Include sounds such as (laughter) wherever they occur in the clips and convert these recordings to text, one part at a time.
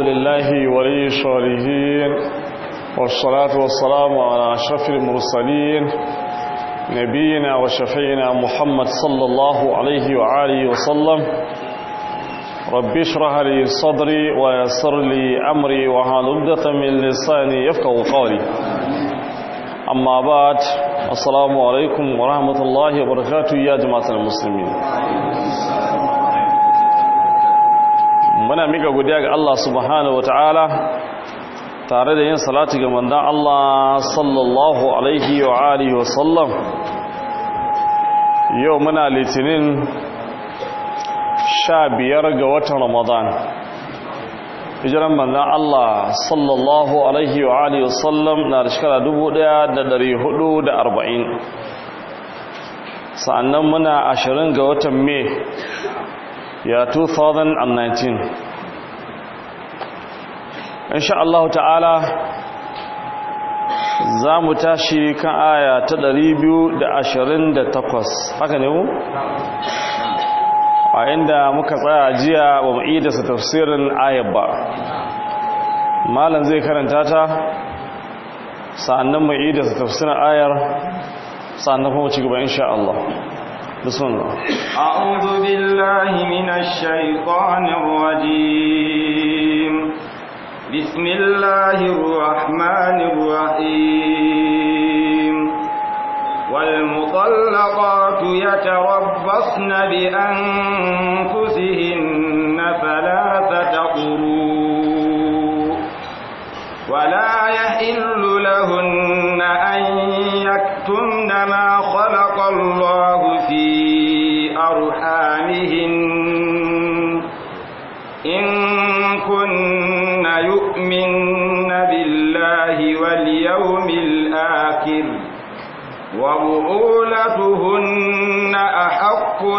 لله ولي الصالحين والصلاة والسلام على أشرف المرسلين نبينا وشفينا محمد صلى الله عليه وآله وسلم رب اشرح لي صدري ويسر لي أمري وهل عقدة من لساني يفقه قولي أما بعد السلام عليكم ورحمة الله وبركاته يا جماعة المسلمين muna mika godiya ga Allah subhanahu wataala tare da yin salati ga manzon Allah sallallahu alaihi wa alihi wa sallam yau muna litinin sha biyar ga watan Ramadan hijiran manzon Allah sallallahu alaihi wa alihi wa sallam na da shekara 1440 sa'annan muna ashirin ga watan Mai ya 2019 insha Allah ta'ala za mu tashi kan aya ta 228 haka ne mu? a inda muka tsaya jiya ba mu iya da tafsirin ayyar ba malam zai karanta ta sa'annan mu iya da tafsirin ayyar sa'annan kuma ci gaba insha Allah بسم الله أعوذ بالله من الشيطان الرجيم بسم الله الرحمن الرحيم والمطلقات يتربصن بأنفسهن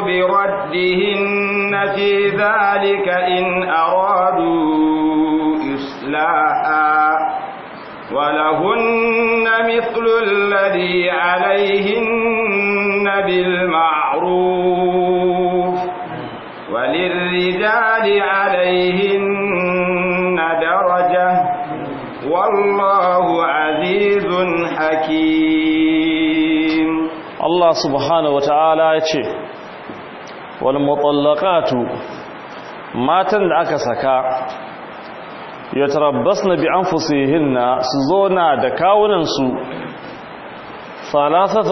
بردهن في ذلك إن أرادوا إصلاحا ولهن مثل الذي عليهن بالمعروف وللرجال عليهن درجة والله عزيز حكيم الله سبحانه وتعالى يقول wal mutallaqatu matan da aka saka yatarabbasna bi anfusihinna su zona da kawunan su thalathata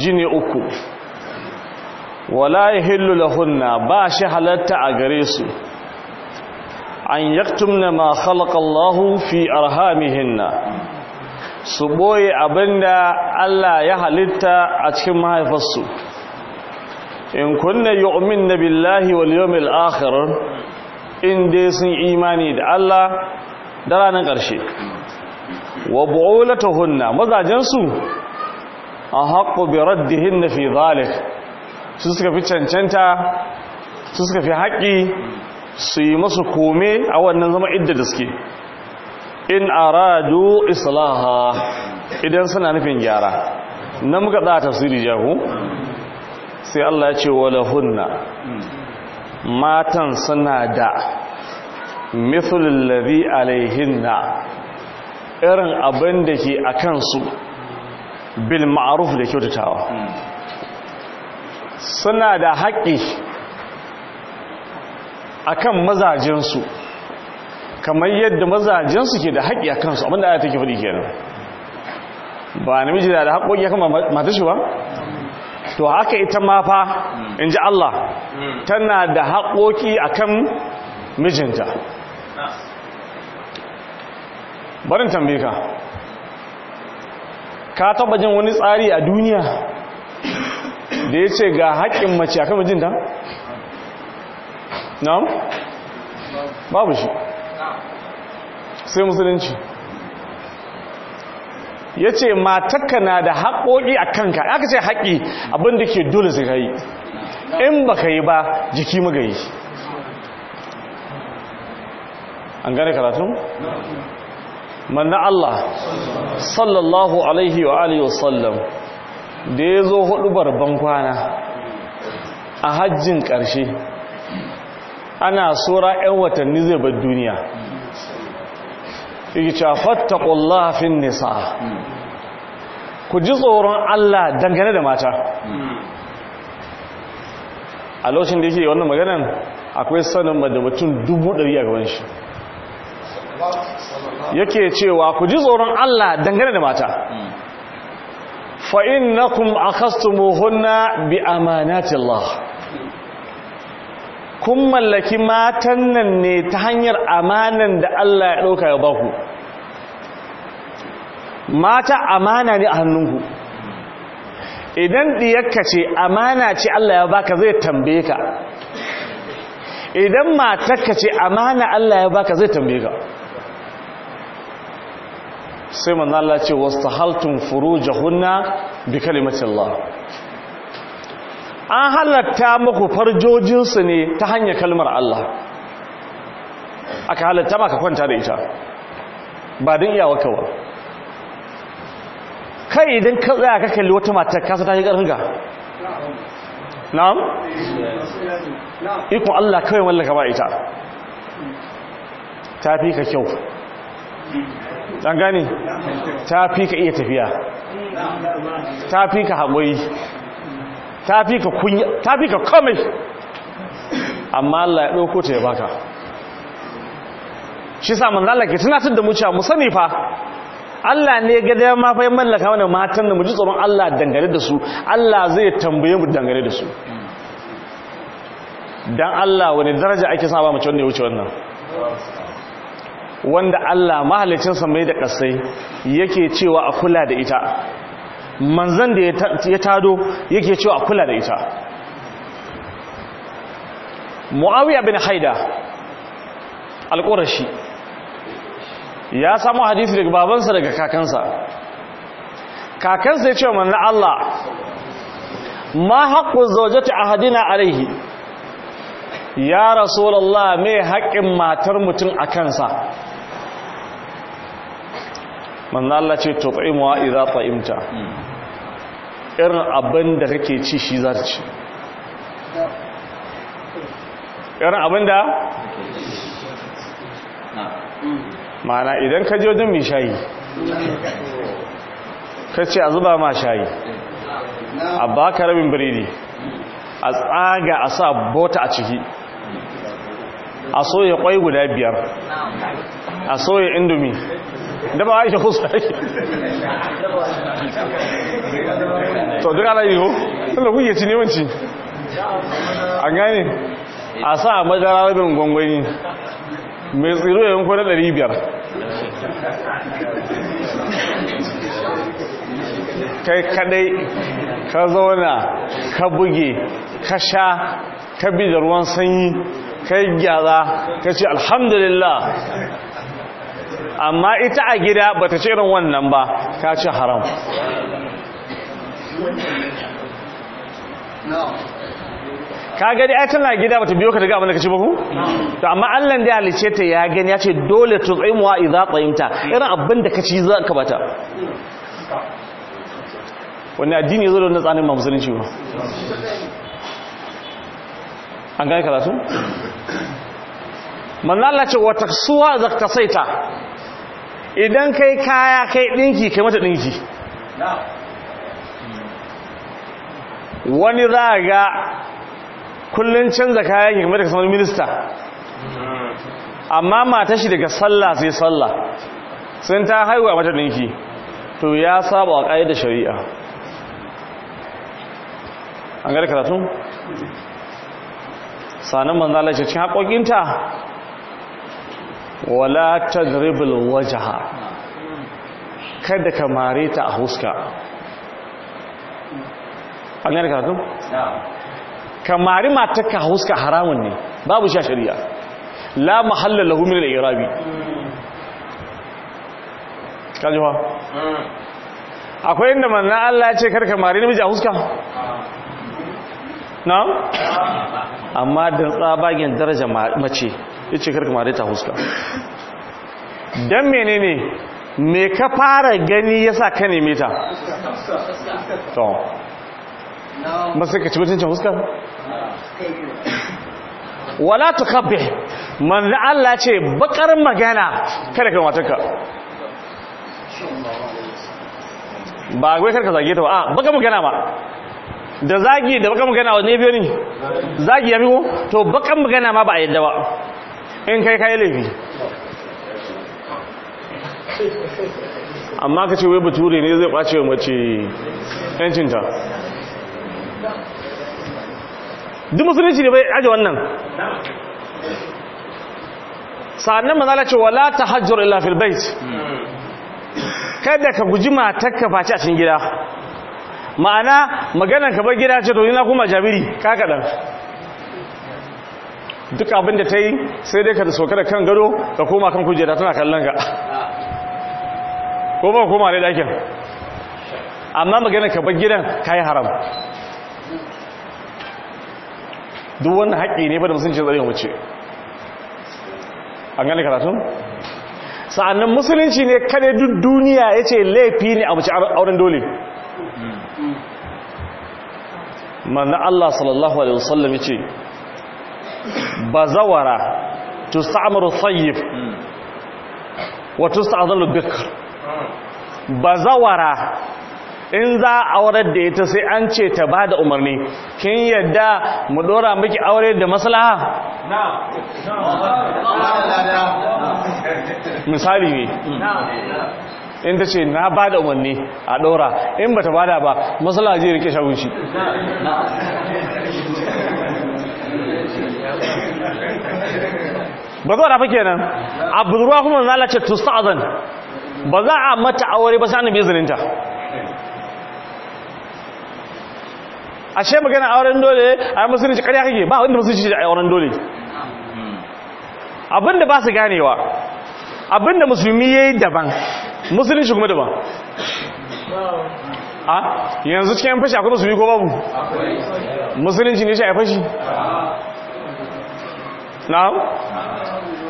jini uku wala yahillu lahunna ba shi halatta a gare su an yaktumna ma khalaqa Allahu fi arhamihinna su ɓoye abinda Allah ya halitta a cikin mahaifarsu in kunna yu'min na billahi wal yawmil akhir in dai sun imani da Allah da ranar ƙarshe wa bu'ulatuhunna mazajin su a haqqu bi raddihin fi zalik su suka fi cancanta su suka fi haƙi su yi musu kome a wannan zama idda da suke in aradu islaha idan suna nufin gyara na muka tsaya tafsiri jahu sai Allah ce wala hunna matan suna da mithlul ladhi alaihinna irin abin da ke a kansu bil ma'ruf da kyautatawa suna da haƙƙi akan su kamar yadda su ke da haƙƙi akan su abinda ayata ke faɗi kenan ba namiji da haƙƙoƙi akan matashi ba to haka ita ma fa mm. in ji Allah mm. tana da haƙoƙi akan mijinta barin tambaye ka ka taba jin wani tsari a duniya da ya ce ga haƙƙin mace akan kan mijinta? na'am? babu shi sai musulunci ya ce matakka na da haƙoƙi a kanka aka ce haƙi abinda ke dole su kai in ba ka yi ba jiki yi. an gane karatun? manna Allah sallallahu alaihi wa alihi wasallam da ya zo hudu barban kwana a hajjin ƙarshe ana tsora 'yan watanni zai bar duniya yake cewa fattaqullaha fin nisa ku ji tsoron Allah dangane da mata a lokacin da yake wannan maganan akwai sanin da mutum dubu ɗari a gaban shi yake cewa ku ji tsoron Allah dangane da mata fa innakum akhastumuhunna muhunna bi amanatillah kun mallaki matan nan ne ta hanyar amanan da Allah ya ɗauka ya baku mata amana ne a hannunku idan ɗiyarka ce amana ce Allah ya baka zai tambaye ka idan matarka ce amana Allah ya baka zai tambaye ka sai manzo Allah ce furu jahunna bi kalimati Allah an halatta muku farjojinsu ne ta hanyar kalmar Allah aka halatta maka kwanta da ita ba don iyawarka ba kai idan ka tsaya ka kalli wata matar kasa ta yi ƙarfinka na'am ikon Allah kawai mallaka ba ita ta fi ka kyau an gani ta fi ka iya tafiya ta fi ka haƙoyi ta fi ka kome amma Allah ya ɗauko ta ya baka shi sa lalaki Allah ke da mu fa Allah ne ga ya ma fa mallaka wani matan da muji tsoron Allah dangane da su Allah zai tambaye mu dangane da su don Allah wani daraja ake sa ba mace wanda ya wuce wannan wanda Allah mahalicin mai da kasai yake cewa a kula da ita manzan da ya tado yake cewa a kula da ita mu'awiyar bin haida alƙurashi ya samu hadisi daga babansa daga kakansa kakansa ya ce wa manzan Allah ma haƙƙun zaujata a hadina alaihi ya rasulallah mai haƙƙin matar mutum a kansa manzan Allah ce imuwa iza ta'imta hmm. irin abin da kake ci shi za ta ci irin abin da mana idan ka je wajen mai shayi ka ce a zuba ma shayi a baka rabin biredi a tsaga a sa bota a ciki a soya kwai guda biyar a soya indomi daba aisha husa to duk ala yiwu tunda kuke ci nemanci a gane a sa madara rabin gwangwani mai tsiro yawan kwanar biyar. kai kadai ka zauna ka buge ka sha ka bi da ruwan sanyi kai yi gyara ka ce alhamdulillah amma ita a gida ba ta ce irin wannan ba ka ce haram ka gani ai tana gida bata biyo ka daga abin da ka ce babu to amma allan da halice ta ya gani ya ce dole tu'imuwa idza ta irin abin da ci za ka bata wani addini zo da tsanin ma musulunci ba an gani karatu manna Allah ce suwa taksuwa saita idan kai kaya kai dinki kai mata dinki. wani za a ga kullum canza kayan yi kamar da kasar minista amma mata shi daga sallah sai sallah sun ta haihuwa mata dinki. to ya saba wa da shari'a an gari karatu sanin manzala ce cikin haƙoƙinta wala tadribul wajaha kada ka mare ta a huska an yi karatu? kamare mari matakka a huska haramun ne babu sha shari'a la mahalla lahu min al-irabi kajiwa akwai inda manna Allah ya ce karka mari namiji a huska na amma da tsabagen daraja mace ya ce karka mare ta huska don menene me ka fara gani ya sa ka neme ta to masu ka ci mutuncin huska? wala ta kabbe manzan Allah ce bakar magana kada ka. matuka ba gwai karka zage ta ba a ah, bakar magana ba da zagi da bakan magana wani biyo ne zagi ya biyo to bakan magana ma ba a yadda ba in kai kai laifi amma ka ce wai bature ne zai kwace mace yancinta duk musulunci ne bai aji wannan sa'annan mazala ce wala ta hajjar ilafil bait hmm. kada ka guji matakka face a cikin gida ma'ana maganar ka bar gida ce to ina kuma jabiri ka kaɗan duk abin da ta yi sai dai ka soka da kan gado ka koma kan kujera tana kallon ka ko ba koma ne dakin amma maganar ka gidan ka yi haram duk wannan haƙƙi ne ba da musulunci zai wuce an gane karatun sa'annan musulunci ne kare duk duniya ya ce laifi ne a wuce auren dole Hmm. manna Allah sallallahu alaihi wasallam yace bazawara tusta'maru thayyib wa tusta'dhalu bikr bazawara in za a aurar da ita sai an ce ta ba da umarni kin yadda mu dora miki aure da maslaha misali ne in ta ce na ba da umarni a ɗora in ba ta ba da ba matsala zai rike shagun shi ba zuwa da fake nan a budurwa kuma lalace zan ba za a mata aure ba sa na a ashe magana auren dole a yi musulunci karya kake ba wanda musulunci a auren dole abinda ba su ganewa abinda musulmi ya yi daban musulunci kuma daban a yanzu cikin yan fashi akwai musulmi ko babu musulunci ne shi a fashi na'am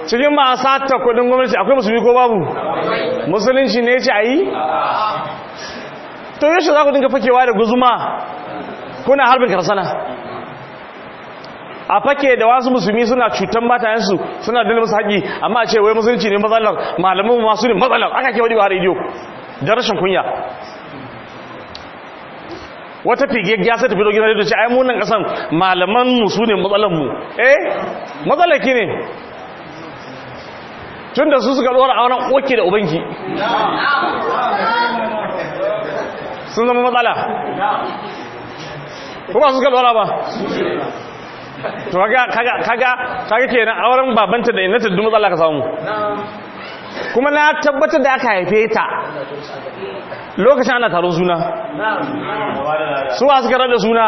cikin a sata kudin gwamnati akwai musulmi ko babu musulunci ne shi a yi to shi za ku dinga fakewa da guzuma kuna harbin karsana a fake da wasu musulmi suna cutan matayensu suna dole musu haƙi amma a ce wai musulunci ne matsalar malamin masu ne matsalar aka ke wani ba rediyo da rashin kunya wata ya sai tafi dogina da ce ai munan kasan malaman mu ne matsalar mu eh matsalar ki ne tun da su suka ɗora a wannan oke da ubanki sun zama matsala kuma suka lura ba to kaga kaga kaga kaga kenan auren babanta da innata duk matsala ka samu kuma na tabbatar da aka haife ta lokacin ana taron suna suwa suka rada suna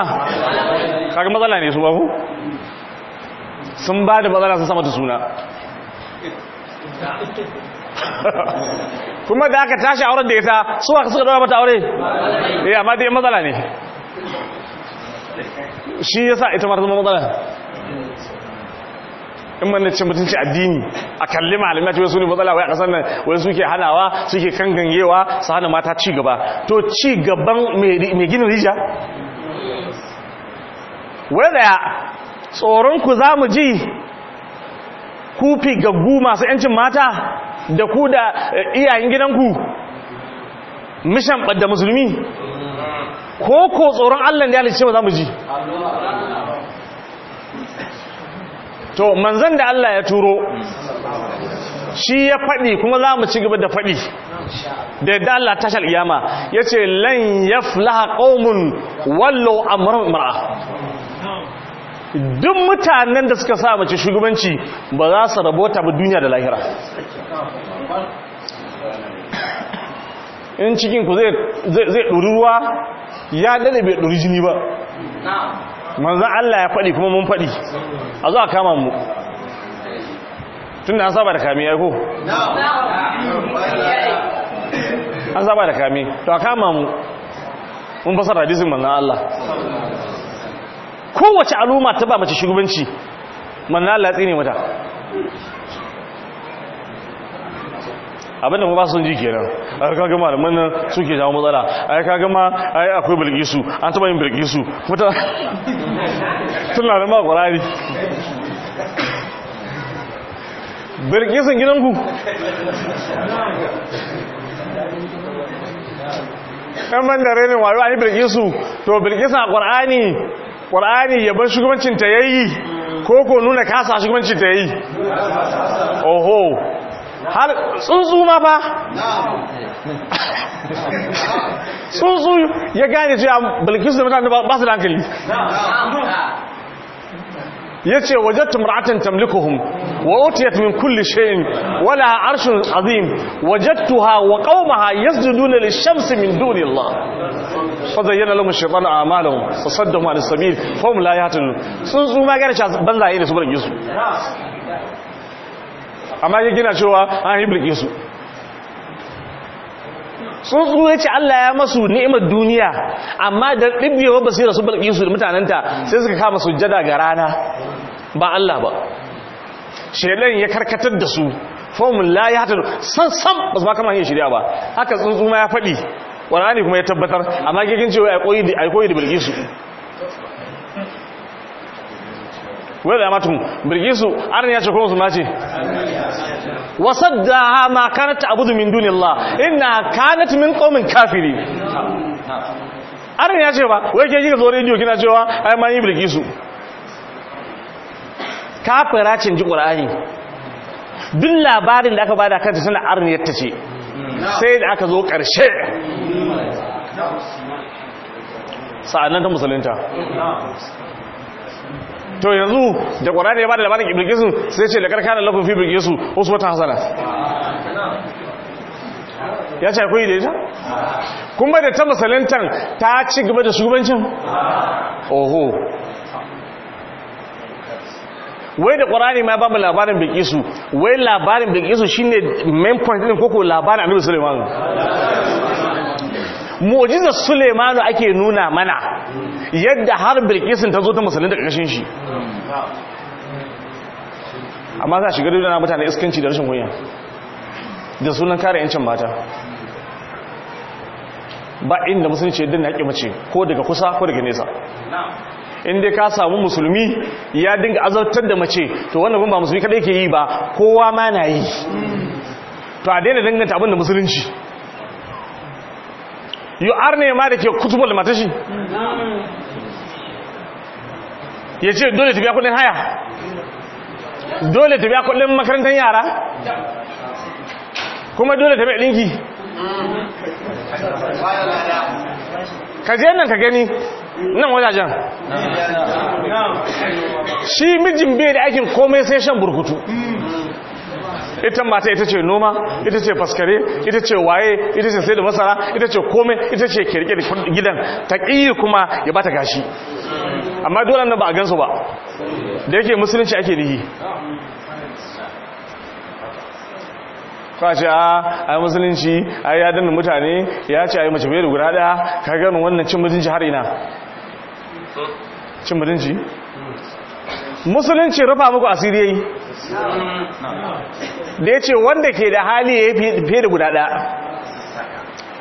kaga matsala ne su babu sun ba da matsala sun sama ta suna (laughs) kuma da aka tashi auren da ita su suka dawa mata aure ya eh, ma dai matsala ne shi yasa ita ma ta zama matsala in man ce mutunci addini a kalli malamai ce wasu ne matsala wai a kasar nan wai suke hanawa suke kan gangewa su hana mata ci gaba to ci gaban mai gina rija Wai tsoron ku za mu ji kufi gaggu masu yancin mata da ku da eh, iyayen gidanku mishan ɓadda musulmi ko ko tsoron Allah ne ce ba za mu ji to manzon da Allah ya turo shi ya faɗi kuma za mu ci gaba da faɗi da yadda Allah tashar iyama ya ce lan ya qaumun wallo amra mara duk mutanen da suka sa mace shugabanci ba za su rabota ba duniya da lahira in cikin ku zai ɗuri ruwa ya dade bai ɗori jini ba manzan Allah ya faɗi kuma mun faɗi a zuwa kama mu tun da an saba da kami ya ko? an saba da kami to a kama mu mun fasar hadisin manzan Allah kowace al'umma ta ba mace shugabanci manzan Allah ya tsine mata abinda ba su ji kenan ai kaga malaman nan suke jawo matsala ai kaga ma ai akwai bilgisu an taba yin bilgisu muta (laughs) na da ma kwarari bilgisun gidanku ɗan ban da renin wayo an yi bilgisu to bilgisun a qurani qurani ya bar shugabancin ta yayi ko ko nuna kasa shugabancin ta yayi oho har tsuntsu ma fa tsuntsu ya gane cewa bilkisu da mutane ba su da ya ce wajattu mar'atan tamlikuhum wa utiyat min kulli shay'in wala arshin azim ha wa qaumaha yasjuduna lish-shamsi min duni Allah fa zayyana lahum ash-shaytanu a'malahum fasaddahum 'an as-sabil fa hum la yahtadun sun su ma gara yi da su bar gisu amma ya gina cewa an hiblike su sun ya ce Allah ya masu ni'imar duniya amma da ɗibbewar basira su balƙi su da mutanenta sai suka kama sujjada ga rana ba Allah ba Shelen ya karkatar da su fomin la ya hatadu san san ba su ba kama yin shirya ba haka tsuntsu ma ya faɗi wani kuma ya tabbatar amma gigin cewa ya koyi da bilgisu ya matu matun bilkisu arna ya ce kuma ko musulma ce wasaddaha ma kanat abudu duniya Allah ina kanata min komin kafiri arna ya ce ba wai ke kika zo rediyo kina cewa ai ma yi bilkisu kafira cin ji qur'ani duk labarin da aka bada kanta suna arna yatta ce sai da aka zo karshe sa'annan ta musulunta to yanzu da qur'ani ya da labarin iblisu sai ce lakar da lakum fi wasu wata hasara, ya ce akwai da ita kuma da ta masalantar ta ci gaba da shugabancin oho wai da ƙwararri ma ba mu labarin bilkisu wai labarin shi shine main point ɗin koko labarin annabi suleiman mu'jizar Sulemanu ake nuna mana yadda har Bilkisun ta zo ta da ƙarshen shi amma za shiga duk na mutane iskanci da rashin kunya da sunan kare yancin mata ba inda musulunci yadda na haƙi mace ko daga kusa ko daga nesa inda ka samu musulmi ya dinga azartar da mace to wannan ba musulmi kada yake yi ba kowa ma na yi to a daina danganta abin da musulunci yu'ar ne ma da ke kutubul matashi ya ce dole ta biya kudin haya dole ta biya kudin makarantar yara kuma dole ta biya ɗinki ka je nan ka gani nan wajajen shi mijin bai da aikin komai sai shan burkutu ita mata ita ce noma ita ce faskare ita ce waye ita ce sai da masara ita ce komai ita ce kirke da gidan ta kuma ya bata gashi amma dole nan ba a gansu ba da yake musulunci ake nihi kwace a ah, a musulunci a ya danna mutane ya ce a yi mace da guda daya ka gano wannan cin mutunci har ina cin mutunci musulunci rufa muku asiri yayi da ce, wanda ke da hali ya fiye da guda daya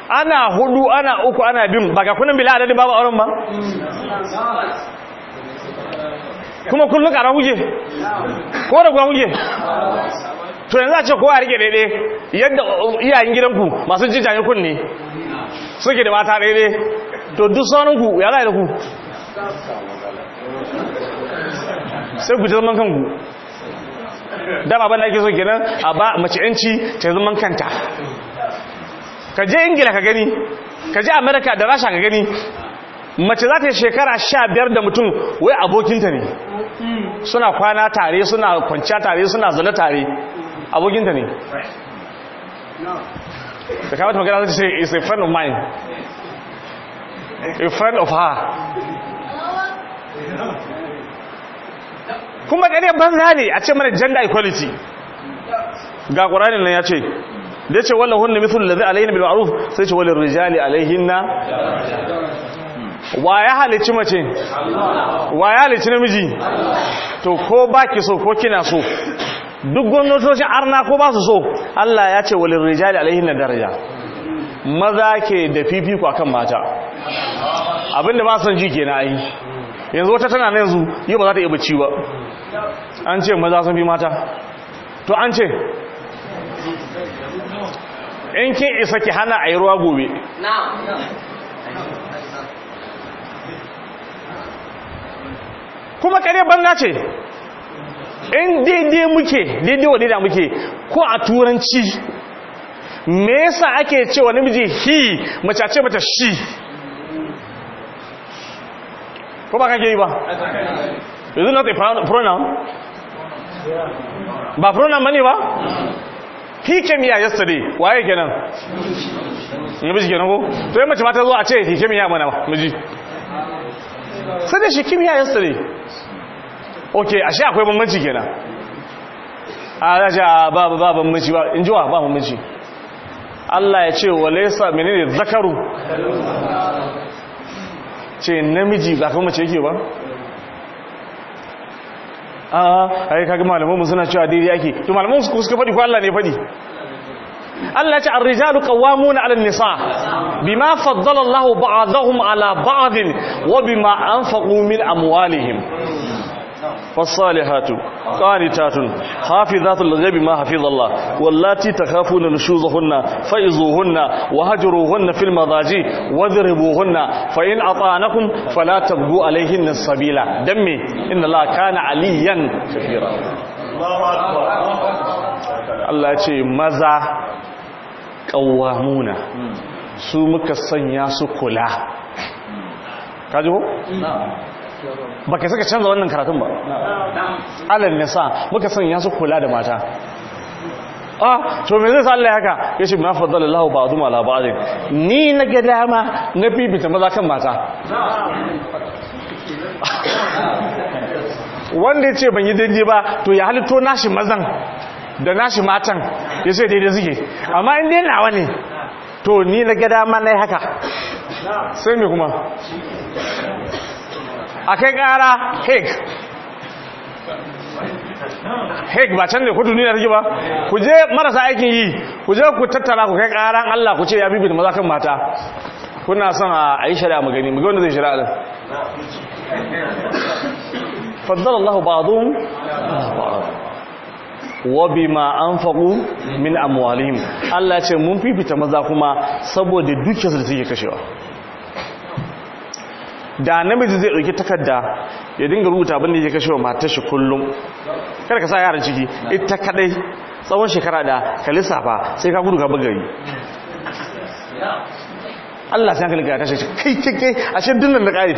ana hudu ana uku ana bin baka kunan bila adadin babu auren ba kuma kullum karan huje ko da kuwa huje to yanzu a ce kowa rike daidai yadda iyayen gidanku masu jijjayen kunne suke da mata daidai to duk sauranku ya zai da ku sai ku ji zaman kanku dama ba da ake so kenan a ba mace yanci ta zaman kanta ka je ingila ka gani ka je amerika da rasha ka gani mace za ta yi shekara sha biyar da mutum wai abokinta ne suna kwana tare suna kwanciya tare suna zane tare abokinta ne da kama ta magana zai ce is a friend of mine a friend of her kuma ƙarya banza ne a ce mana gender equality ga ƙuranin nan ya ce da ya ce wallon hunna mithul ladhi alayhin bil ma'ruf sai ce wallon rijali na. wa ya halici mace wa ya halici namiji to ko ba ki so ko kina so duk gwamnatocin arna ko ba su so Allah ya ce wallon rijali na daraja maza ke da fifiko akan mata abinda ba san ji na yi yanzu wata tana na yanzu yi ba za ta iya bacci ba an ce maza sun fi mata to an ce in kin isa ki hana a yi ruwa gobe kuma kare banga ce in daidai muke daidai wa daidai muke ko a turanci me yasa ake cewa namiji he mace ce mata shi ko ba kake yi ba is it not a pronoun ba pronoun mani ba he came here yesterday waye kenan namiji kenan ko to mace mata ta zo a ce he came here mana miji sai da shi came here yesterday okay ashe akwai bambanci kenan a raja ba ba bambanci ba in ji wa ba bambanci Allah ya ce walaisa menene zakaru ce namiji ba zafin mace yake ba a ai kaga malamanmu suna cewa daidai ake to malamanmu su suka faɗi ko Allah ne faɗi Allah ya ce ar-rijalu qawwamuna 'ala an-nisa bima faddala Allahu ba'dahum 'ala ba'd wa bima anfaqu min amwalihim fassalihatu qanitatun hafizatu lghaibi ma hafizallah wallati takhafuna nushuzuhunna faizuhunna wahjuruhunna fil madaji wadhribuhunna fa in ata'anakum fala tabghu alayhin sabila dami innallaha kana aliyan shahira Allah ce maza ƙawamuna su muka sanya su kula. Kajiho? ba ka suka canza wannan karatun ba alal nisa muka sanya su kula da mata ah to me zai sa Allah haka yace ma fadallahu Allah ba'dhum ala ba'd ni na ga dama na bibita maza kan mata wanda yace ban yi daidai ba to ya halitto nashi mazan da nashi matan yace daidai suke amma in dai nawa ne to ni na ga dama nayi haka sai me kuma a kai ƙara hague hague ba can ne kudu duniya take ba ku je marasa aikin yi ku je ku tattara ku kai karan allah ku ce ya bibin maza kan mata kuna son a yi shari'a mu gani mu ga wanda zai shari'a alin faddala allah ba'dhum wabi ma an faɗu min amwalim Allah ce mun fifita maza kuma saboda su da suke kashewa da namiji zai ɗauki takarda ya dinga rubuta abin da ya kashe wa matar shi kullum kada ka sa yaran ciki ita kadai tsawon shekara da ka lissafa sai ka gudu ka bugari Allah sai hankali ga kashe shi kai kai kai a shi dinnan da ƙari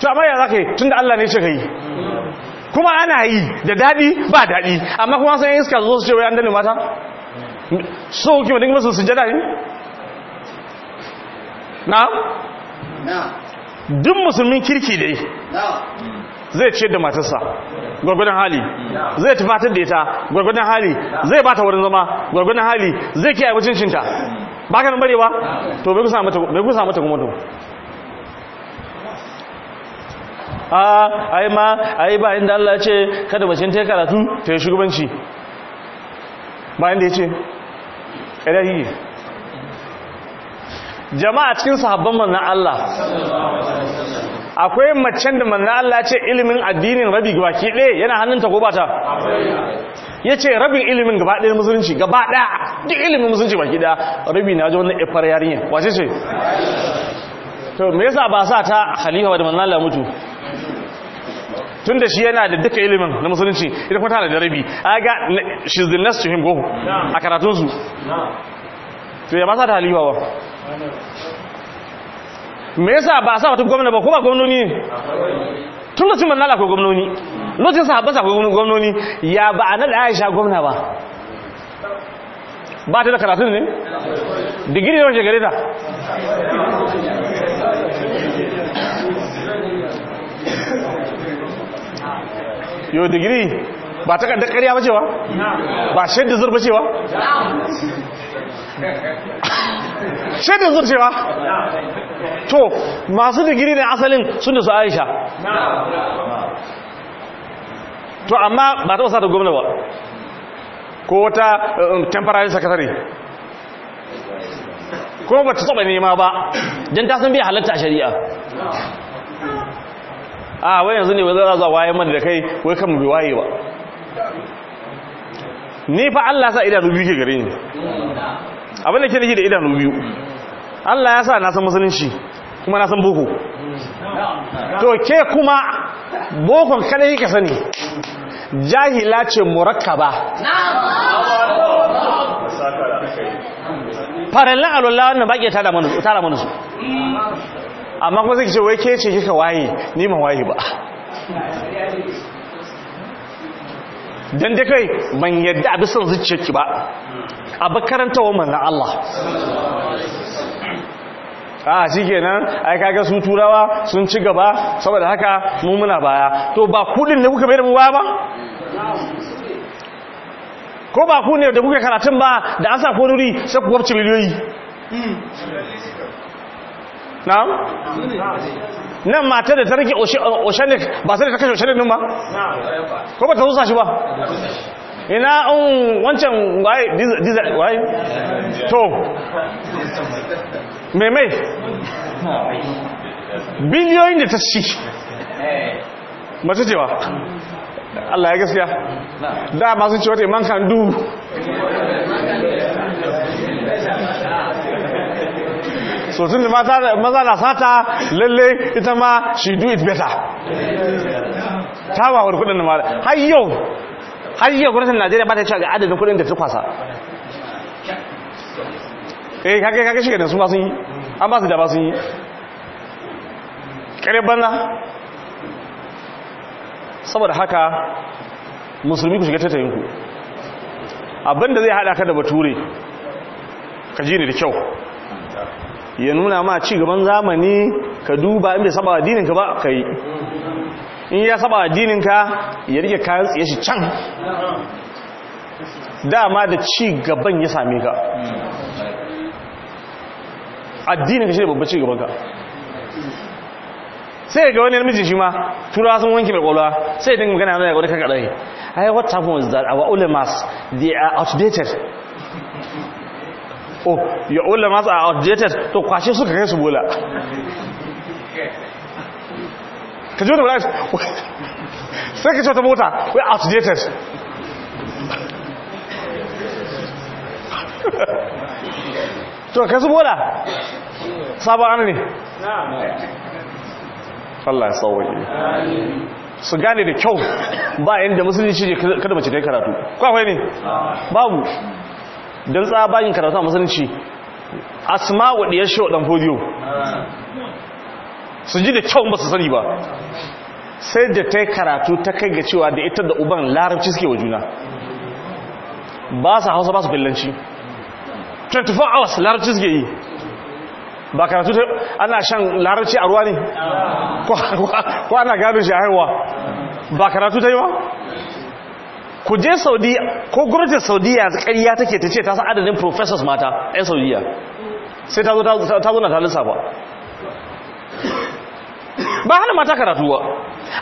to amma ya za ka yi tun da Allah ne ce ka yi kuma ana yi da daɗi ba daɗi amma kuma sai iska zo su ce wai an dani mata so kima dinga masu sujada ne na'am duk musulmin kirki dai zai ce da matarsa gwargwadon hali zai tufatar da ita gwargwadon hali zai bata wurin zama gwargwadon hali zai kiyaye mutuncinta ba ka nan ba? to bai kusa mata gumoto kusa a Ayi ma ayi ba inda Allah ce kada mace ta karatu ta yi shugabanci ba inda ya ce ƙarya jama'a cikin sahabban manzan Allah akwai macen da manzan Allah ce ilimin addinin rabi gabaki ɗaya yana hannunta ko bata ya ce rabin ilimin gaba ɗaya musulunci gaba ɗaya duk ilimin musulunci baki ɗaya rabi na ji wannan ifar yarinya wace ce to me yasa ba sa ta halifa da manzan Allah mutu tun da shi yana da duka ilimin na musulunci ita kuma tana da rabi aga she's the next to him go a karatunsu to ya ba sa ta halifa ba me yasa ba sa wata gwamna ba ko ba gwamnoni tun da cin manna gwamnoni lokacin ba sa ko gwamnoni ya ba a nada aisha gwamna ba ba ta da karatun ne digiri yawon shekaru ta yau digiri ba ta kaddar karya ba cewa ba shaidu zurba cewa shaidin zurce ba to masu digiri ne asalin sun da su aisha to amma ba ta wasa ta gwamna ba ko wata um, temporary secretary kuma ba ta saba nema ba don ta san biya halatta a shari'a a wai yanzu ne wai za zuwa, waye mana da kai wai kan mu bi waye ba ni fa Allah sa idanu biyu ke gare ni abin da ke da idanu biyu Allah ya sa na san musulunci kuma na san boko to ke kuma bokon kada yake sani jahila ce murakkaba farallan alwallah wannan baƙi tara mana su amma kuma zai ce wai ke ce kika waye ni ma waye ba dan kai ban yadda a bisan zuciyarki ba a wa manna Allah a ah, shi kenan ai kaga su turawa sun ci gaba saboda haka mu muna baya to ba kudin da kuka bai da mu ba ko ba ku ne da kuka karatun ba da an sa ko nuri sai ku gwabci miliyoyi na'am nan mata da ta rike oceanic ba sai ta kashe oceanic din ba ko ba ta rusa shi ba ina un um, wancan waye diza waye to me mai biliyoyin da ta ci mace cewa Allah ya gaskiya da masu ciwata iman kan du so sun da maza na sata lalle ita ma she do it better ta ba wani kudin da har yau har yau gwamnatin najeriya ba ta cewa ga adadin kudin da ta kwasa eh kake kake shiga da su ba sun yi an ba su da ba sun yi kare banza saboda haka musulmi ku shiga tayinku abinda zai hada ka da bature ka ji ne da kyau ya nuna ma ci gaban zamani ka duba in bai saba addininka ba ka yi in ya saba addininka ya rike kayan tsaye shi can dama da ci gaban ya same ka addininka shi da babba ci gaban ka sai ga wani namiji shi ma turawa sun wanke mai kwalwa sai dinga magana da wani kakarai ai what happened was that our ulemas they are outdated oh your old lamas are outdated to kwashe su kai su bola ka ji wani bala sai ka ce wata mota we outdated to kai su bola sabon ana ne Allah ya sauwa su gane da kyau ba yadda musulunci ne kada mace ta yi karatu kwakwai ne babu don tsabayin karatu a musulunci asma'u ɗiyar shi waɗan fodiyo su ji da kyau ba su sani ba sai da ta yi karatu ta kai ga cewa da ita da uban larabci suke wa juna ba su hausa ba su fillanci 24 hours larabci suke yi ba karatu ta ana shan larabci a ruwa ne ko ana gado shi a haihuwa ba karatu ta yi ba ku je saudiya ko gwamnatin saudiya ya take ta ce ta san adadin professors mata 'yan saudiya sai ta zo ta zo na ta lissafa ba hana mata karatu ba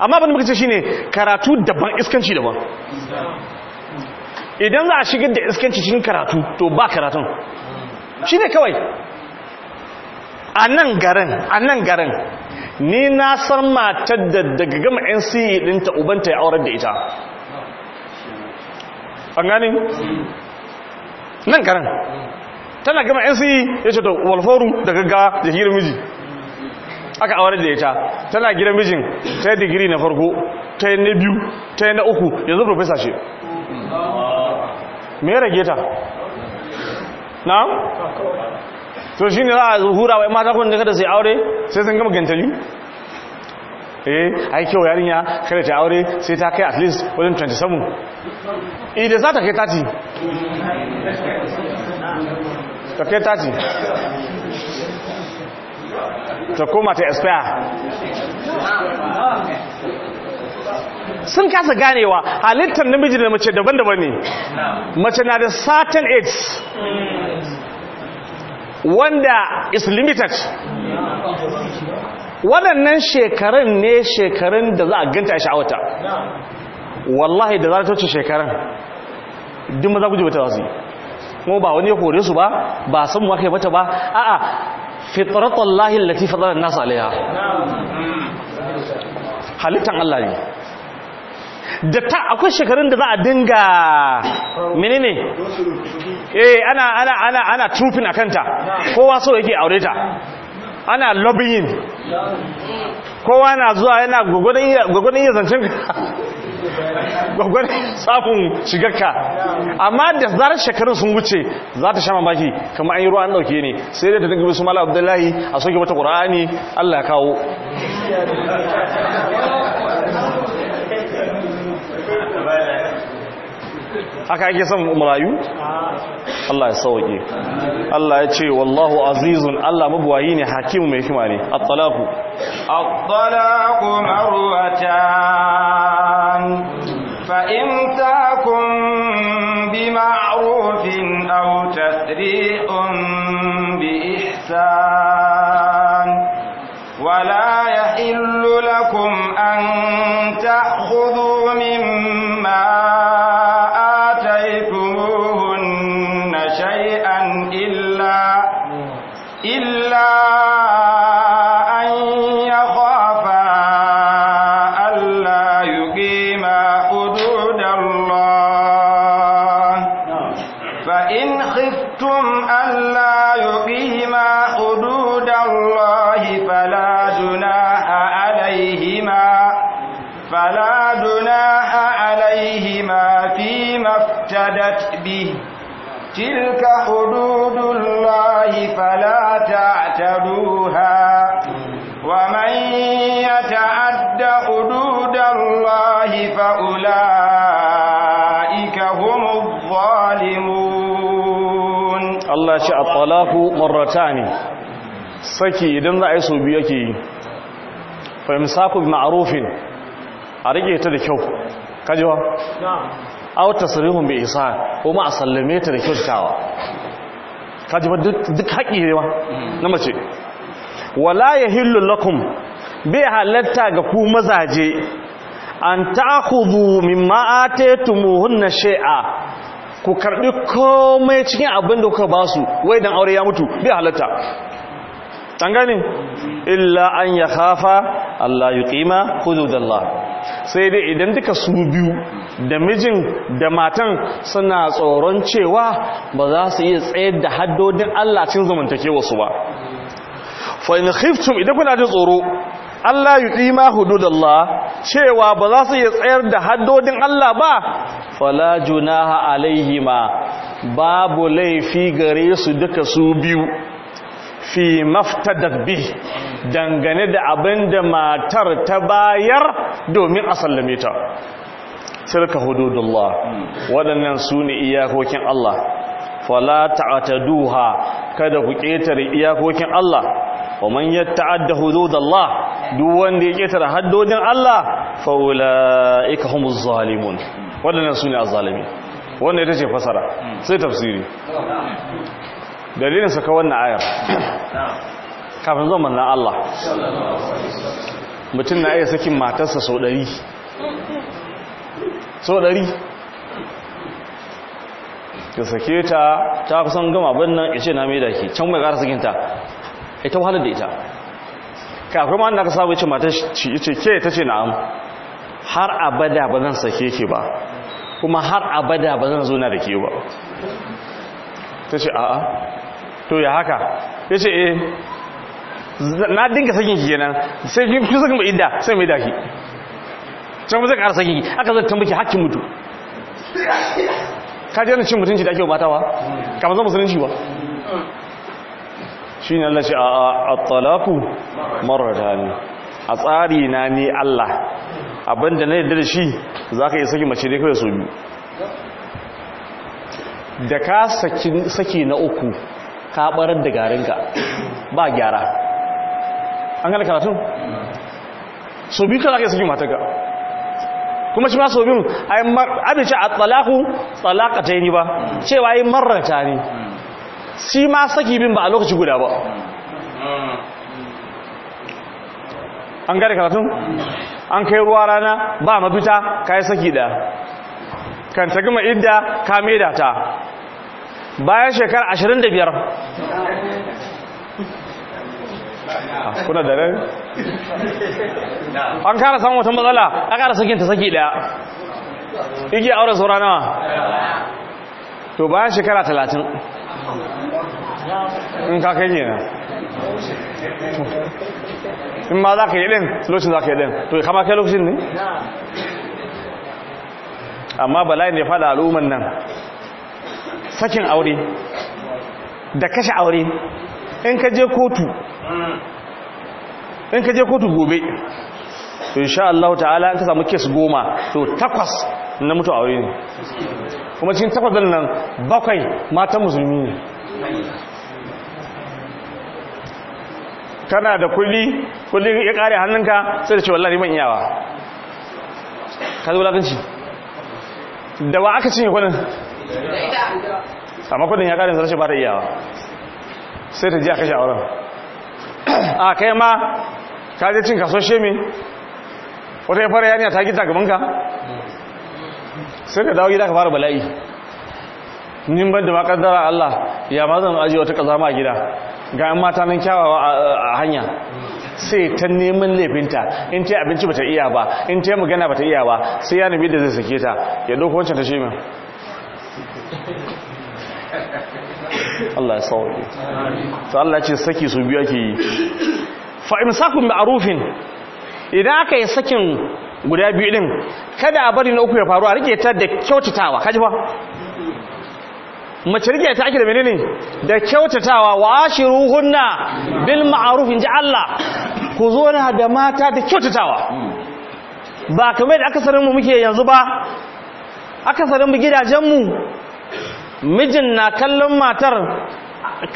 amma abin da muka ce ne karatu daban iskanci daban idan za a shigar da iskanci cikin karatu to ba karatun shi ne kawai a nan garin a nan garin ni na san matar da daga gama nce ɗinta ubanta ya aurar da ita an nan karan tana gama yan sai ya ce to walforu da gaggawa da hira miji aka aure da ita tana gira mijin ta yi digiri na farko ta yi na biyu ta yi na uku yanzu profesa ce me rage ta na? to shi ne za a hura wa mata kun da sai aure sai sun gama gantali eh ai kyau yarinya kada ta aure sai ta kai at least wajen 27 eh da za ta kai 30 ta kai 30 ta koma ta expire sun kasa ganewa halittar namiji da mace daban-daban ne mace na da certain age wanda is limited waɗannan shekarun ne shekarun da za a ganta shi a wata wallahi da za a wuce shekarun duk maza guje wata za kuma ba wani ya kore su ba ba san mu aka yi mata ba a'a fitratallahi allati fatara an nasu alaiya halittan Allah ne da ta akwai shekarun da za a dinga menene eh ana ana ana ana trufin akanta kowa so yake aure ta ana lobbying kowa na zuwa yana gwagwadon iya zancen gwagwadon tsafin shigarka amma da zarar shekarun sun wuce za ta sha mamaki kama an yi ruwa an dauke ne sai dai ta dinga bisu mala abdullahi a soke mata ƙura'ani allah ya kawo haka ake son marayu Allah ya sauke Allah ya ce wallahu azizun Allah mabuwayi ne hakimu mai hikima ne at-talaqu at-talaqu marwatan fa imsakum bima'rufin aw tasrihun bi ihsan wala yahillu lakum an ta'khudhu mimma فلا جناح عليهما فيما افتدت به تلك حدود الله فلا تعتدوها ومن يتعد حدود الله فأولئك هم الظالمون الله شاء الطلاق مرتان saki idan za a yi so biyu yake yi fahimsaku bi ma'arufin a rage ta da kyau kajiwa aw tasrihun bi isa ko ma a sallame ta da kyautawa kajiwa duk haƙi ne ma mm. na mace wala yahillu lakum bai halatta ga ku mazaje an ta'khudhu mimma ataytumuhunna sha'a. ku karɓi komai cikin abin da kuka basu wai dan aure ya mutu bai halatta an gane illa an ya khafa Allah yuqima hududallah sai dai idan duka su biyu da mijin da matan suna tsoron cewa ba za su iya tsayar da haddodin Allah cin zamantakewa su ba fa in khiftum idan kuna jin tsoro Allah yuqima hududallah cewa ba za su iya tsayar da haddodin Allah ba fala junaha alaihima babu laifi gare su duka su biyu fi maftadat bi dangane da abin da matar ta bayar domin a sallame ta Sarka hududullah waɗannan su ne iyakokin Allah fala duha kada ku ƙetare iyakokin Allah wa man yatta'adda hududallah duk wanda ya ƙetare haddodin Allah fa humuz zalimun waɗannan su ne azzalimi wannan ita ce fasara sai tafsiri dalilin saka wannan ayar kafin zo manna Allah mutum na iya sakin matarsa sau ɗari sau ɗari ka sake ta ta kusan gama bannan ya ce na mai daki can mai ƙara sakinta ita wahala da ita kafin ma da ka sabu ce matar shi ya ce ke ta ce na'am har abada ba zan sake ke ba kuma har abada ba zan zo na da ke ba ta ce a'a to ya haka ya ce eh na dinka sakin ki kenan sai kin fi sakin idda sai mai daki can kuma zai ƙara sakin ki aka zai tambaki hakkin mutu ka je cin mutunci da ake mata ba kamar zan musulunci ba shi ne Allah Shi a talaku ne a tsari na ne Allah abinda na yadda da shi za ka yi saki mace ne kawai so biyu da ka saki na uku ka barar da garinka ba gyara an gane karatun so biyu talaka suke mataka kuma shi ma so biyun abinci a tsalaku talaka ta yi ba cewa yi marrata ne shi ma saki bin ba a lokaci guda ba an gane karatun an kai ruwa rana ba mafita ka yi saki da kan ta gama idda ka maida ta bayan shekara ashirin da biyar kuna da rai an kara samun wata matsala a kara sakin ta saki daya igi aure saurana nawa to bayan shekara talatin in ka kai yana in ma za ka yi din lokacin za ka yi din to kama kai lokacin ne amma bala'in da ya fada al'umman nan sakin aure da kashe aure in ka je kotu in ka je kotu gobe to insha Allah ta'ala in ka samu kes goma to takwas na mutu aure ne kuma cikin takwas din nan bakwai mata musulmi ne kana da kulli kulli ya kare hannunka sai da ce wallahi ban iyawa ka zo lafinci da wa aka cinye kullun amma kudin ya karin rashin ba ta iyawa sai ta ji a kashe auren a kai ma ka je cin kaso shemi wata ya fara yaniya ta gita gabanka sai ka dawo gida ka fara bala'i nin ban da makaddara Allah ya ma zan aji wata kaza a gida ga yan mata nan kyawawa a hanya sai ta neman laifinta in ta abinci bata iya ba in ta magana bata iya ba sai ya nabi da zai sake ta ya doko wancan ta shemin Allah ya sauke to Allah ce saki su biyu ake yi fa imsakun ma'rufin idan aka yi sakin guda biyu din kada a bari na uku ya faru a rike ta da kyautatawa kaji fa mace rike ta ake da menene da kyautatawa wa hunna bil ma'ruf inji Allah ku zo na da mata da kyautatawa ba kamar da aka akasarin mu muke yanzu ba aka akasarin mu gidajen mu mijin na kallon matar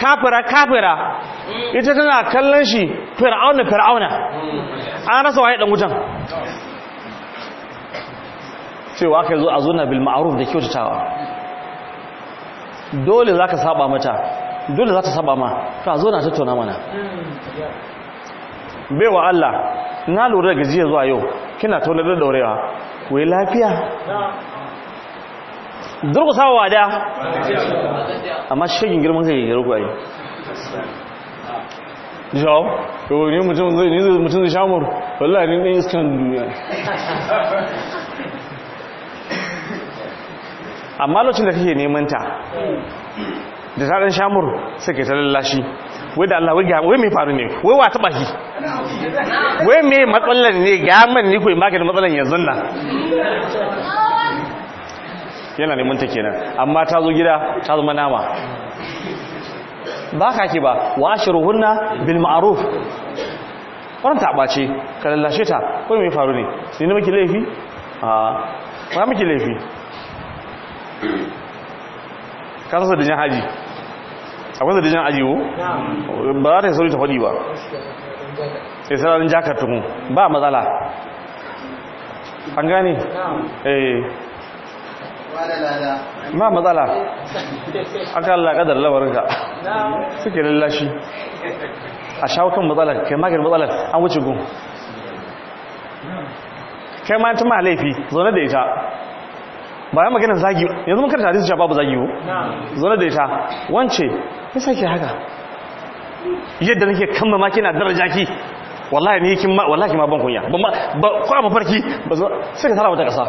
kafira kafira ita tana kallon shi fir'auna fir'auna an rasa waye dan wutan cewa aka zo a zuna bil ma'ruf da kyautatawa dole zaka saba mata dole za ta saba ma ta zo na tattauna mana baiwa Allah na lura da gajiya zuwa yau kina taunar da daurewa wai lafiya durkusawa wada amma shigin girman kai ya rugu ayi. jawo yau ne mutum zai ne mutum zai shamur wallahi ne ɗan iskan duniya amma lokacin da kake neman ta da ta ɗan shamur sai ta lallashi wai da Allah wai mai faru ne wai wa taɓa shi wai mai matsalar ne ga man ni ko in maganin matsalar yanzu nan yana neman ta kenan amma ta zo gida ta zama nama ba ka ki ba wa shiruhunna bil ma'ruf wannan ta bace ka lallashe ta ko me faru ne sai ne miki laifi a ba miki laifi ka da jin haji akwai da haji wo ba za ta yi sauri ta fadi ba sai sararin jakar tumu ba matsala an gane eh ma matsala aka Allah kadar labarinka suke lallashi a shawo kan matsalar kai magani matsalar an wuce gun kai ma ta laifi zaune da ita ba ya maganin zagi yanzu mun su hadisi babu zagi zaune da ita wance ya sake haka yadda nake kamba ma kina daraja ki wallahi ne kin wallahi ma ban kunya ba kwa mafarki ba sai ka tara wata kasa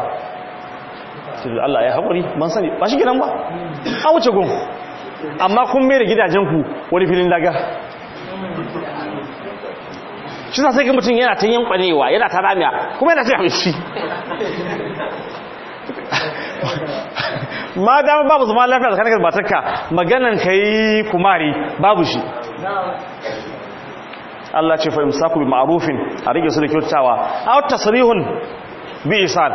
su Allah ya haƙuri man sani ba shi gidan ba an wuce gun amma kun mere da gidajenku wani filin daga. shi sa sai ga mutum yana ta yin kwanewa yana ta ramiya kuma yana ta yi shi ma dama babu zama lafiya tsakanin batarka maganan ka yi kumari babu shi Allah ce fa imsaku bi ma'rufin a rike su da kyautawa aw tasrihun bi isan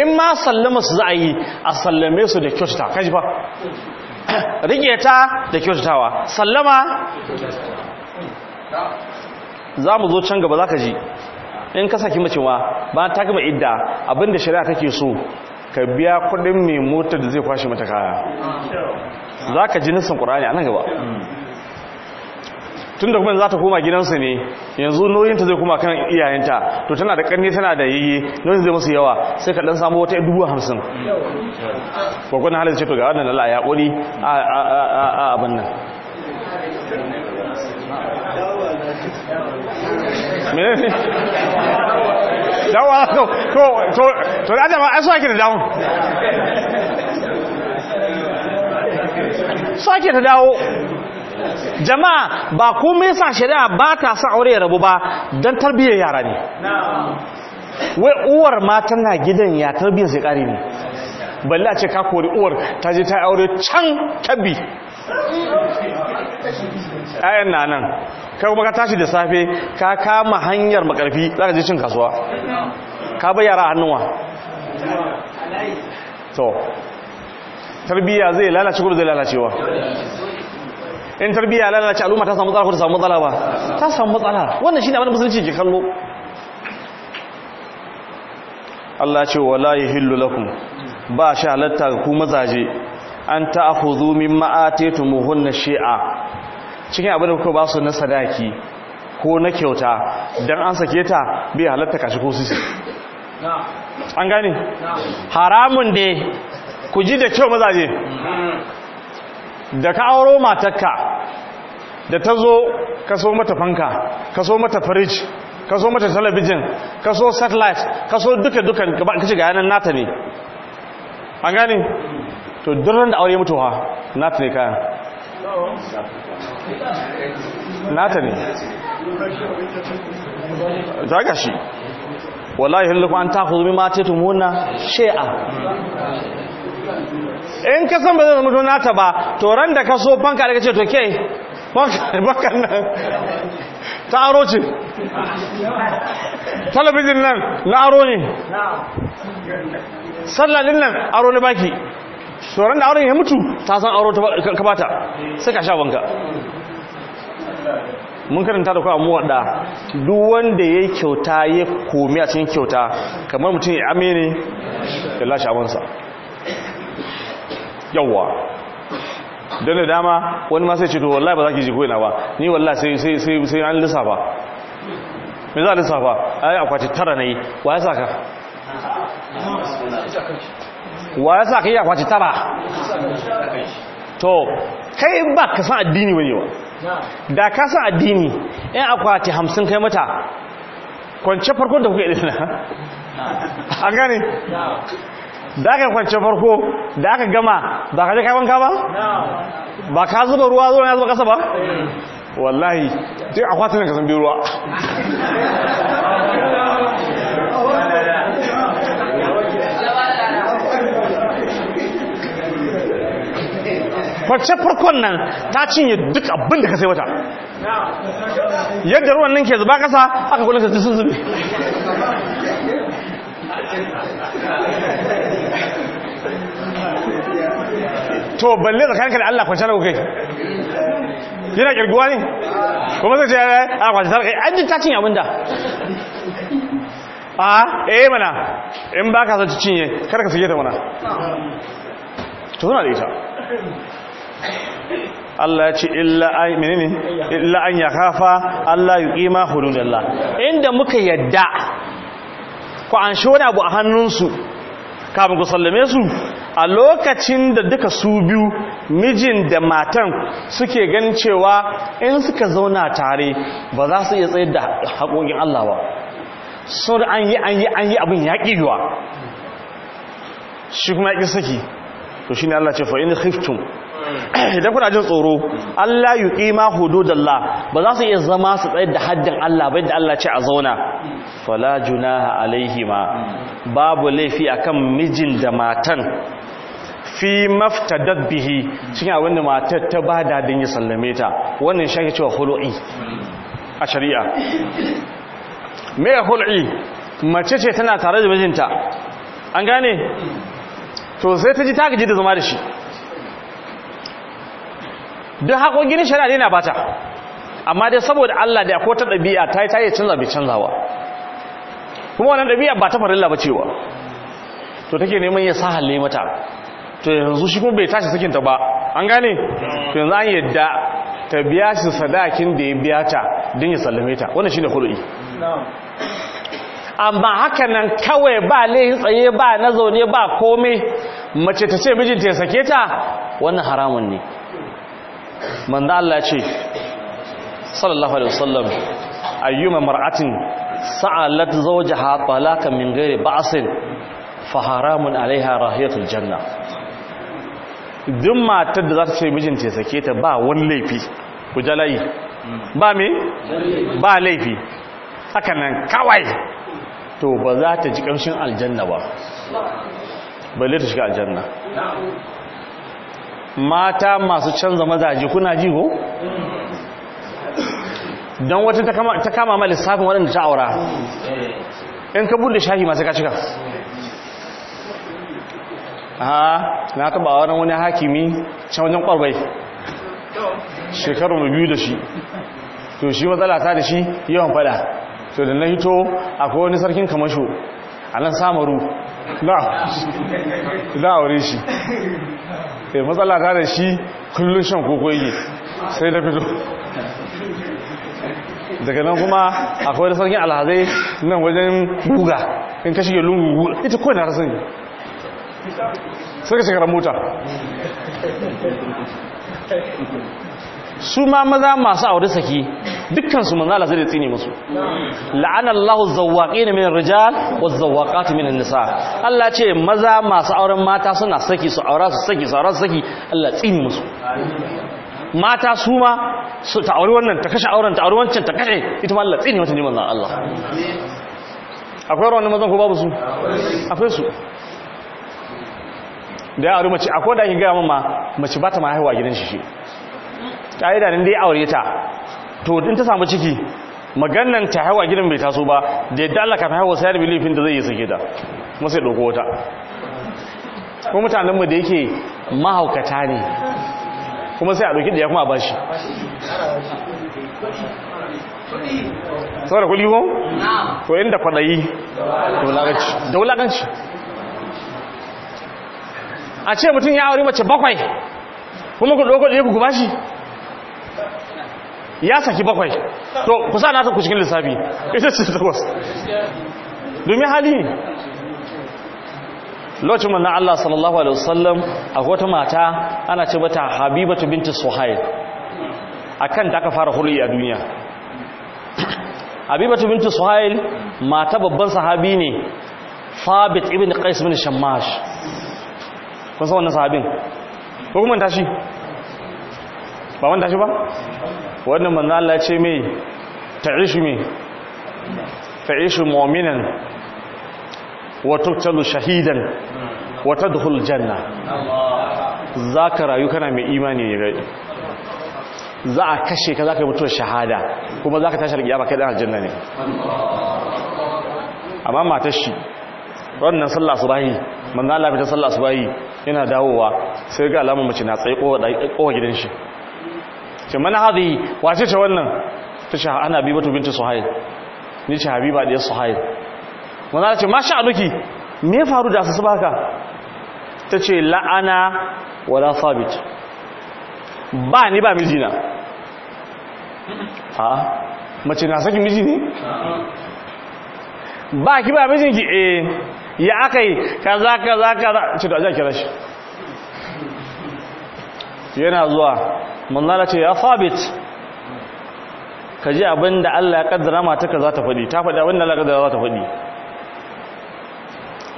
in ma sallama su za a yi a sallame su da kyautata kaji ba rike ta da kyautatawa sallama za mu zo can gaba za ka ji in ka saki mace ma ba ta gama idda abinda shari'a kake so ka biya kudin mai motar da zai kwashe mata kaya za ka ji nisan ƙurani a nan gaba tun da kuma za ta koma gidansu ne yanzu noyinta zai koma kan iyayenta to tana da karni tana da yayi noyin zai musu yawa sai ka dan samu wata dubu hamsin gwagwan halin ce to ga wannan lalla ya ƙuri a abin nan mene ne dawa to to to da dama ai sake da dawo sake ta dawo jama'a ba kuma yasa shari'a ba ta sa aure ya rabu ba don tarbiyyar yara ne wai uwar ma na gidan ya tarbiyyar sai kari ne balla ce ka kori uwar ta je ta aure can tabi? ayan na nan kai kuma ka tashi da safe ka kama hanyar makarfi za ka je cin kasuwa ka bai yara hannuwa to tarbiyya zai lalace ko zai lalacewa in tarbiyya ci al'umma ta samu matsala ko ta samu matsala ba ta samu matsala wannan shine abin musulunci ke kallo Allah ce wallahi hillu lakum ba sha halatta ku mazaje an ta'khudhu mimma ataytumuhunna shi'a cikin abin da kuka ba su na sadaki ko na kyauta dan an sake ta bai halatta kashi ko sisi an gane haramun dai ku ji da kyau mazaje hmm. da ka auro matakka da ta zo ka so mata fanka ka so mata firij ka so mata talabijin ka so satellite ka so duka-dukan ka ci ga yanar nata ne an gani to duran da aure mutuwa nata ne kayan nata ne zaga shi wallahi hullu an ta hudu bi ma ce tumuna shi'a in ka san ba zai zama nata ba to ran da ka so fanka da ka ce to ke banka (laughs) nan ta aro ce talabijin nan na aro ne sallalin nan aro ne baki to ran da auren ya mutu ta san aro ka bata sai ka sha banka mun karanta da kuma muwadda duk wanda ya kyauta ya komi a cikin kyauta kamar mutum ya amene da lashe abansa Yawwa don da dama wani ma sai ce to wallahi ba za ki ji koyina ba ni wallahi sai lisa ba mai an lissafa me za a lissafa ai akwati tara yi wa ya saka wa ya saka yi akwati tara to kai ba ka san addini wani wa da ka san addini yan akwati hamsin kai mata kwance farkon da kuka yi ɗin an gane da aka kwance farko da aka gama ba ka je kai wanka ba ba ka zuba ruwa zuwa ya zuba kasa ba wallahi duk akwatin ka san bi ruwa Kwanci farkon nan ta cinye duk abin da ka sai wata yadda ruwan nan ke zuba kasa aka kula ka sun zube to balle tsakaninka da Allah kwanci na kai yana kirguwa ne kuma zai ce eh, eh, a kwanci na kai an ji tacin cinye abinda a eh mana in ba ka sace cinye kar ka fiye ta mana to suna da ita Allah ya ce illa ay menene illa an yakhafa Allah da hududallah inda muka yadda ku an shona abu a hannunsu kafin ku sallame su a lokacin da duka su biyu mijin da matan suke ganin cewa in suka zauna tare ba za su iya tsayar da haƙoƙin Allah ba so da an yi an yi an yi abin ya ƙiyuwa shi kuma ya ƙi saki to shi ne Allah ce fa'in khiftum (clears throat) idan kuna jin tsoro Allah yuqima hududalla ba za su iya zama su tsayar da haddin Allah ba yadda Allah ce a zauna fala junaha alaihima babu laifi akan mijin da matan fi maftadat bihi cikin abin da matar ta ba dadin ya sallame ta wannan shi cewa hulu'i a shari'a me hulu'i mace ce tana tare da mijinta an gane to sai ta ji ta gaji da zama da shi duk haƙoƙin shari'a ne na bata amma dai saboda Allah da ko ta ɗabi'a ta yi ta yi canza bai canzawa kuma wannan ɗabi'a ba ta farilla ba cewa to take neman ya sa halle mata to yanzu shi kuma bai tashi sakinta ba an gane to yanzu an yadda ta biya shi sadakin da ya biya ta don ya sallame ta wannan shine kudu'i amma hakanan kawai ba laihin tsaye ba na zaune ba komai mace ta ce mijinta ya sake ta wannan haramun ne manzo Allah ce sallallahu alaihi wasallam ayyuma mar'atin sa'alat zawjaha talaqa min ghairi ba'sin fa haramun alaiha rahiyatul janna duk matar da za ta ce mijinta ya sake ta ba wani laifi ku ba me ba laifi haka kawai to ba za ta ji kamshin aljanna ba balle ta shiga aljanna mata masu canza mazaji kuna ji ko don wata ta kama ma lissafin waɗanda ta aura in ka bude shahi masu kacika a na taba wani wani hakimi can wajen ƙwarbai shekarun biyu da shi to shi matsala ta da shi yawan fada to da na hito akwai wani sarkin kamasho a nan samaru na aure shi sai eh, matsala ta da shi kullum shan koko yi sai na fito daga nan kuma akwai da sarkin alhazai nan wajen guga in ka shige lungu ita kawai na rasin sai ka shekarar mota su ma maza masu aure saki dukkansu manzo Allah zai tsine musu la'ana Allahu zawwaqina min rijal wa zawwaqati min nisa Allah ce maza masu auren mata suna saki su aura su saki su aura su saki Allah tsine musu mata su ma su ta aure wannan ta kashe auren ta aure wancan ta kashe ita ma Allah tsine mata ne manzo Allah akwai wannan mazan ko babu su akwai su da ya aure mace akwai da yin gaya mama mace ba ta ma haihuwa gidan shi shi ƙa'ida ne da ya aure ta to in ta samu ciki maganan ta haihuwa gidan bai taso ba da yadda Allah kafin haihuwa sayar bilifin da zai yi sake ta kuma sai ɗauko wata kuma mutanenmu da yake mahaukata ne kuma sai a ɗauki da ya kuma ba shi saboda kuli ko? to inda kwaɗayi da wulaƙanci a ce mutum ya aure mace bakwai kuma ku ɗauko da ya ku ba shi ya saki bakwai to ku sa na nasa ku cikin lissafi ita ce ta wasu domin hali ne lokacin manna Allah sallallahu alaihi wasallam a wata mata ana ce mata habibatu binti suhail akan ta aka fara hulɗi a duniya habibatu binti suhail mata babban sahabi ne Fabit ibn Qais bin Shammash kun san wannan sahabin ko kuma tashi ba wanda shi ba wannan manzo Allah ce mai ta'ishu mi ta'ishu mu'minan wa tuqtalu shahidan wa tadkhul janna zaka rayu kana mai imani ne rai za a kashe ka zaka mutu shahada kuma zaka tashi alƙiyama kai dan aljanna ne amma matar shi wannan sallah subahi manzo Allah bi ta sallah subahi yana dawowa sai ga alamun mace na tsaye kowa gidan shi ce mana haɗi wace ce wannan ce ana bibatu binti suhail ni ce habiba da suhail ta ce masha aduki me faru da su baka ce la'ana wala sabit ba ni ba mijina ha mace na saki miji ne ba ki ba mijinki eh ya aka yi ka za za ka. kaza ce da a kira shi yana zuwa manzala ce ya sabit ka abinda Allah ya kaddara mata ka za ta faɗi ta faɗi abinda Allah ya kaddara za ta faɗi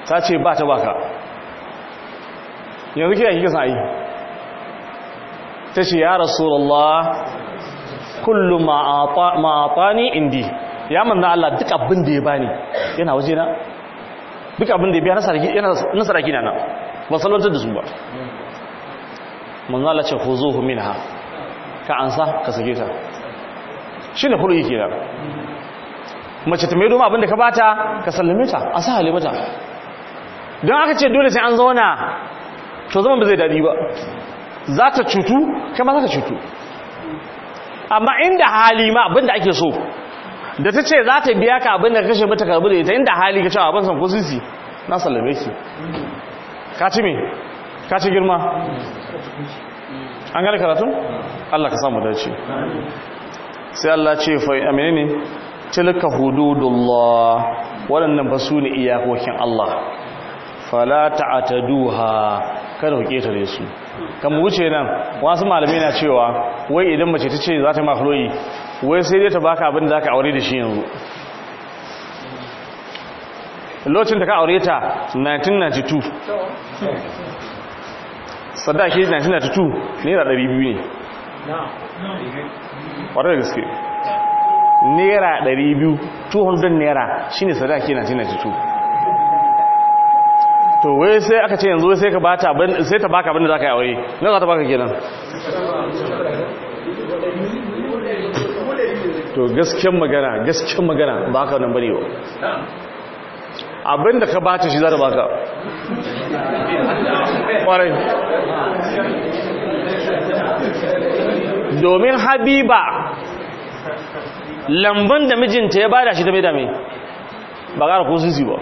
ta ce ba ta baka yanzu kira san sa'i ta ce ya rasulullah kullu atani indi ya manna Allah duk abin da ya bani yana waje na duk abin da ya biya nasara gina na ba salwantar da su ba Allah ce huzuhu minha ka ansa ka sake ta shi ne hulɗi ke nan mace ta mai doma abinda ka bata ka sallame ta a sa halimata don aka ce dole sai an zauna to zama ba zai daɗi ba za ta cutu ma za ta cutu amma inda hali ma abinda ake so da ta ce za ta biya ka abinda kashe mata karbi da ita inda hali ka cewa abin san ko sisi na sallame ki ka ci me ka ci girma an gani karatun Allah ka samu dace sai Allah ce fai amini ne tilka hududullah waɗannan ba su ne iyakokin Allah fala duha kada ku ketare su kan wuce nan wasu malamai na cewa wai idan mace ta ce za ta makhloyi wai sai dai ta baka abin da zaka aure da shi yanzu lokacin da ka aure ta 1992 sadaki 1992 naira 200 ne wadda gaske naira 200 200 naira shi ne sadaki 1992 to wai sai aka ce yanzu sai ka bata sai ta baka abinda za ka yi aure na za ta baka kenan to gasken magana gasken magana ba ka nan bane ba abinda ka bata shi za ta baka domin habiba lambun da mijinta ya bada shi ta mai dame ba ƙara ko sisi ba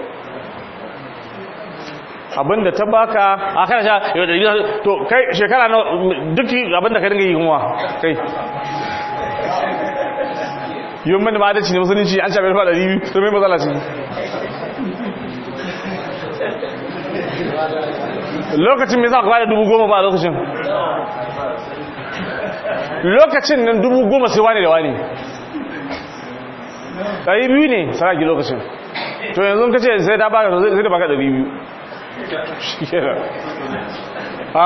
abinda ta baka a kan sha yau da biyu to kai shekara na duk abinda ka dinga yi kuma kai yi mani ma adalci ne musulunci an shafi alfa ɗari biyu to mai matsala ce lokacin mai za ku bada dubu goma ba a lokacin lokacin nan dubu goma sai wane da wane ɗari biyu ne saraki lokacin to yanzu ka ce sai da ga zai da baka ɗari biyu a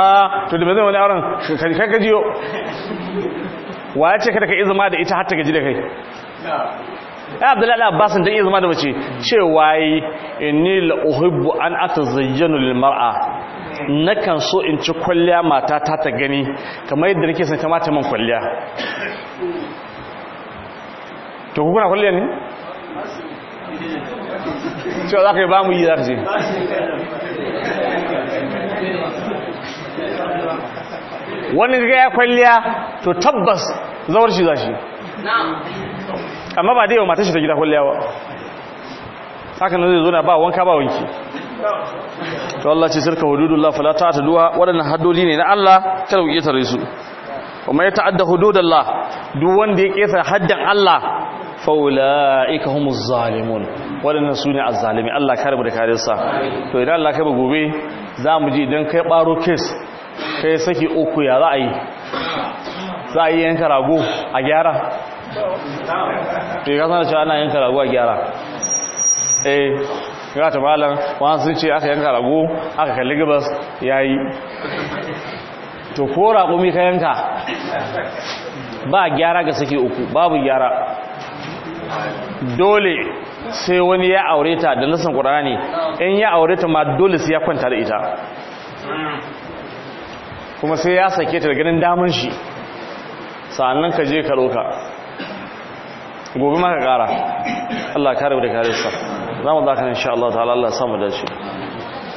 to da bazai wani auren kai ka jiyo wa ya ce kada ka izama da ita har ta gaji da kai ya eh, abdullahi da abbas dan iya zama da mace cewa waye inni la uhibbu an zayyano lil na nakan so in ci kwalliya mata ta ta gani kamar yadda nake sun kamata man kwalliya to kuna kwalliya ne ce za ka yi ba mu yi za ce wani ga ya kwalliya to tabbas zawar shi za shi amma ba dai yau matashi ta gida kwalliya haka nan zai zo na ba wanka ba wanki to Allah ce sirka hududullah fala duwa wadannan haddoli ne na Allah kada ku iya su kuma ya ta'adda hududullah duk wanda ya kesa haddan Allah fa ulaika humuz zalimun wadannan sune azzalimi Allah kare mu da kare sa to idan Allah kai ba gobe za mu ji idan kai baro case kai saki uku ya za a yi za a yi yanka rago a gyara ke sanar cewa ana yanka rago a gyara eh ga ta malam wani sun ce aka yanka rago aka kalli gabas ya yi to ko raƙumi ka yanka ba gyara ga suke uku babu gyara dole sai wani ya aure ta da nasan ƙurani in ya aure ta ma dole sai ya kwanta da ita kuma sai ya sake ta da ganin damar shi sa'annan ka je ka roka gobe ma ka kara Allah kare da kare sa zamu zaka insha Allah ta'ala Allah samu dace